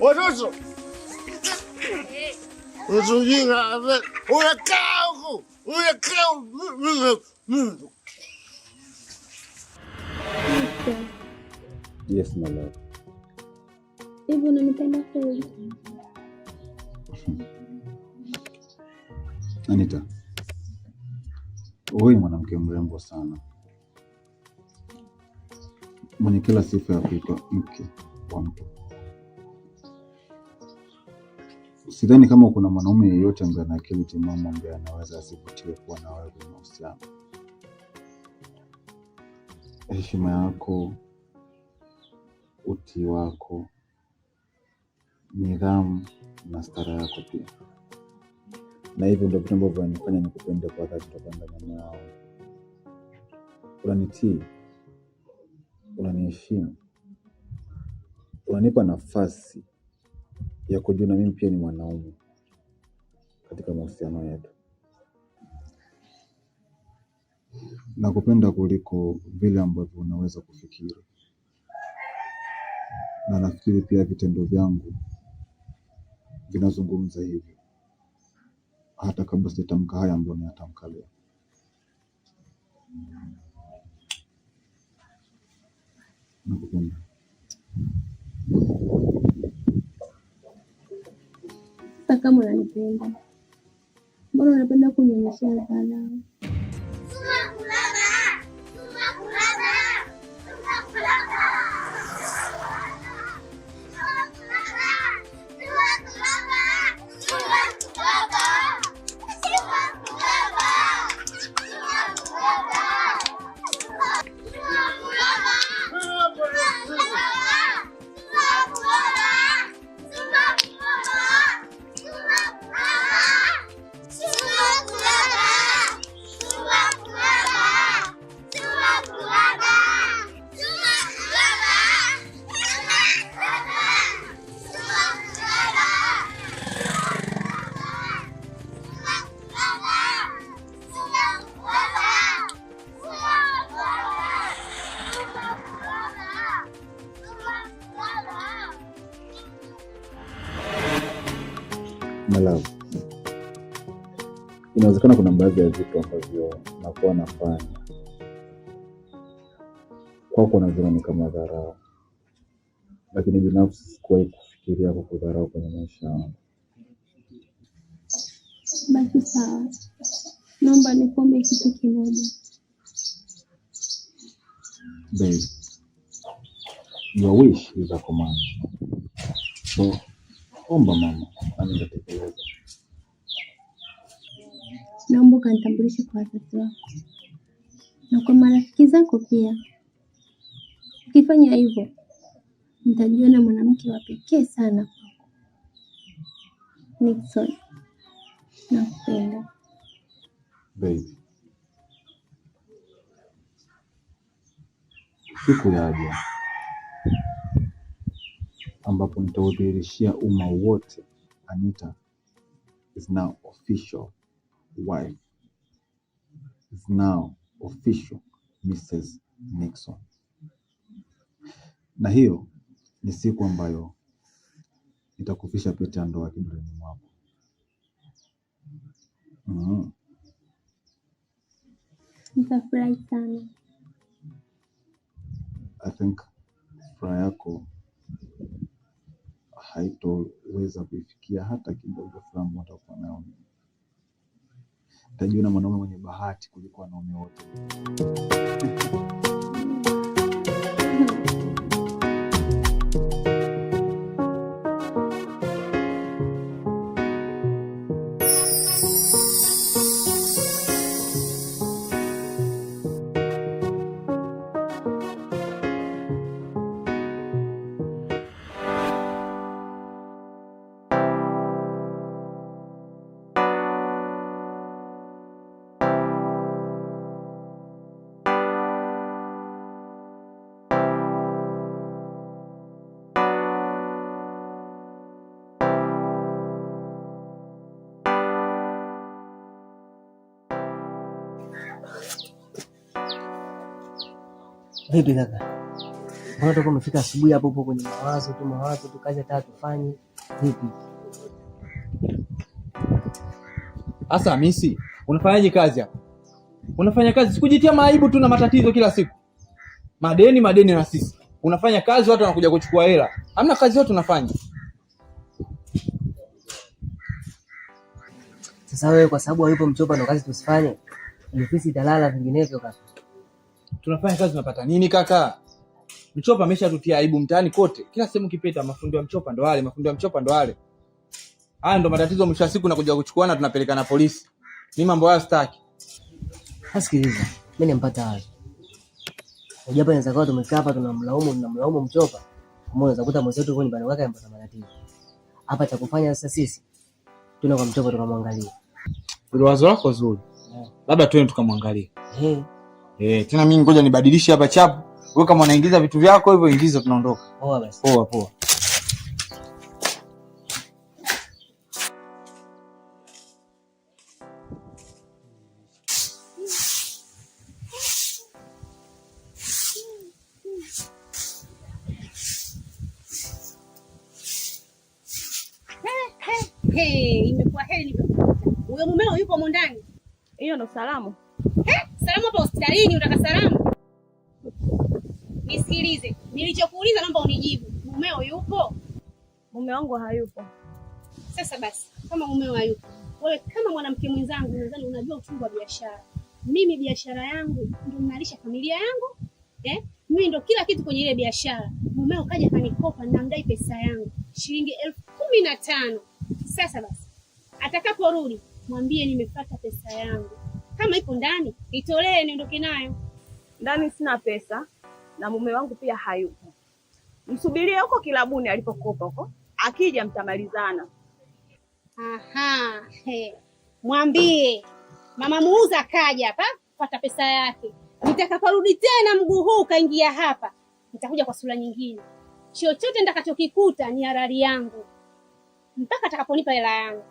watoto utujiga unakaa huku unakaa Mungu. Yes, my love. Hivyo unanipenda kweli? Anita, wewe mwanamke mrembo sana mwenye kila sifa ya kuitwa mke wa mtu sidhani kama kuna mwanaume yeyote ambaye ana akili timamu ambaye anaweza asivutiwe kuwa na wewe kwenye mahusiano. Heshima yako, utii wako, nidhamu na stara yako pia, na hivyo ndio vitu ambavyo vinanifanya nikupende kwa dhati toka ndani yao. Unanitii, unaniheshimu, unanipa nafasi ya na mimi pia ni mwanaume katika mahusiano yetu na kupenda kuliko vile ambavyo unaweza kufikiri, na nafikiri pia vitendo vyangu vinazungumza hivyo, hata kabla sijatamka haya ambayo nayatamka leo. kama unanipenda, mbona unapenda el dharau? Malavu, inawezekana kuna baadhi ya vitu ambavyo nakuwa nafanya kwako naviona ni kama dharau, lakini binafsi sikuwahi kufikiria kudharau kwenye maisha yangu. Basi sawa, naomba nikuombe kitu kimoja. Babe, your wish is a command. So omba mama, nami nitatekeleza. Naomba kanitambulishe kwa watoto wako na kwa marafiki zako pia. Ukifanya hivyo, nitajiona mwanamke wa pekee sana kwako. Nixon, nakupenda baby. Siku yaja ambapo nitaudhihirishia umma wote Anita is now official wife is now official Mrs. Nixon. Na hiyo ni siku ambayo nitakufisha pete ya ndoa kidoleni mwako. Mm. Nitafurahi sana. I think furaha yako haitoweza kuifikia hata kidogo. Fahamu watakuwa nayo utajiona mwanaume mwenye bahati kuliko wanaume wote. Vipi kaka? Mbona toka umefika asubuhi hapo hapo kwenye mawazo tu mawazo tu kazi hata tufanye. Vipi? Asa Hamisi, unafanyaje kazi hapo? Unafanya kazi sikujitia maaibu tu na matatizo kila siku. Madeni madeni na sisi. Unafanya kazi watu wanakuja kuchukua hela. Hamna kazi yote unafanya. Sasa wewe kwa sababu hayupo Mchopa ndo kazi tusifanye. Ofisi italala vinginevyo kaka tunafanya kazi tunapata nini kaka? Mchopa ameshatutia aibu mtaani kote, kila sehemu kipeta, mafundi wa mchopa ndo wale, mafundi wa mchopa ndo wale. Haya ndo matatizo, mwisho wa siku nakuja kuchukuana, tunapeleka na polisi. Ni mambo hayo sitaki. Sikiliza, mimi nimpata wapi? Ujapo inaweza kuwa tumefika hapa tunamlaumu, tunamlaumu mchopa, kama unaweza kuta mwenzetu yuko nyumbani kwake amepata matatizo hapa. Cha kufanya sasa sisi tuna kwa mchopa tukamwangalia. Wazo lako zuri, eh. labda tuende tukamwangalia. Eh. Eh, tena mimi ngoja nibadilishe hapa chapu. Wewe kama unaingiza vitu vyako hivyo ingiza, tunaondoka. Poa basi. Poa poa. Hey, imekuwa heli. Huyo mumeo yupo ndani. Hiyo ndo salamu. Hey salamu hapa hospitalini, unataka salamu? Nisikilize, nilichokuuliza naomba unijibu, mumeo yupo? Mume wangu hayupo. Sasa basi, kama mumeo hayupo, wewe kama mwanamke mwenzangu, nadhani unajua uchungu wa biashara. Mimi biashara yangu ndio nalisha familia yangu eh? Mimi ndo kila kitu kwenye ile biashara. Mumeo kaja kanikopa, namdai pesa yangu shilingi elfu kumi na tano. Sasa basi, atakaporudi mwambie nimepata pesa yangu. Kama iko ndani itolee niondoke nayo. Ndani sina pesa na mume wangu pia hayupo. Msubirie huko kilabuni alipokopa huko, akija mtamalizana. Aha, he. Mwambie mama muuza kaja hapa pata pesa yake, nitakaporudi tena mguu huu ukaingia hapa, nitakuja kwa sura nyingine. Chochote nitakachokikuta ni harari yangu mpaka atakaponipa hela yangu.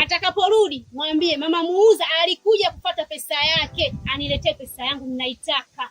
Atakaporudi mwambie mama muuza alikuja kupata pesa yake, aniletee pesa yangu, ninaitaka.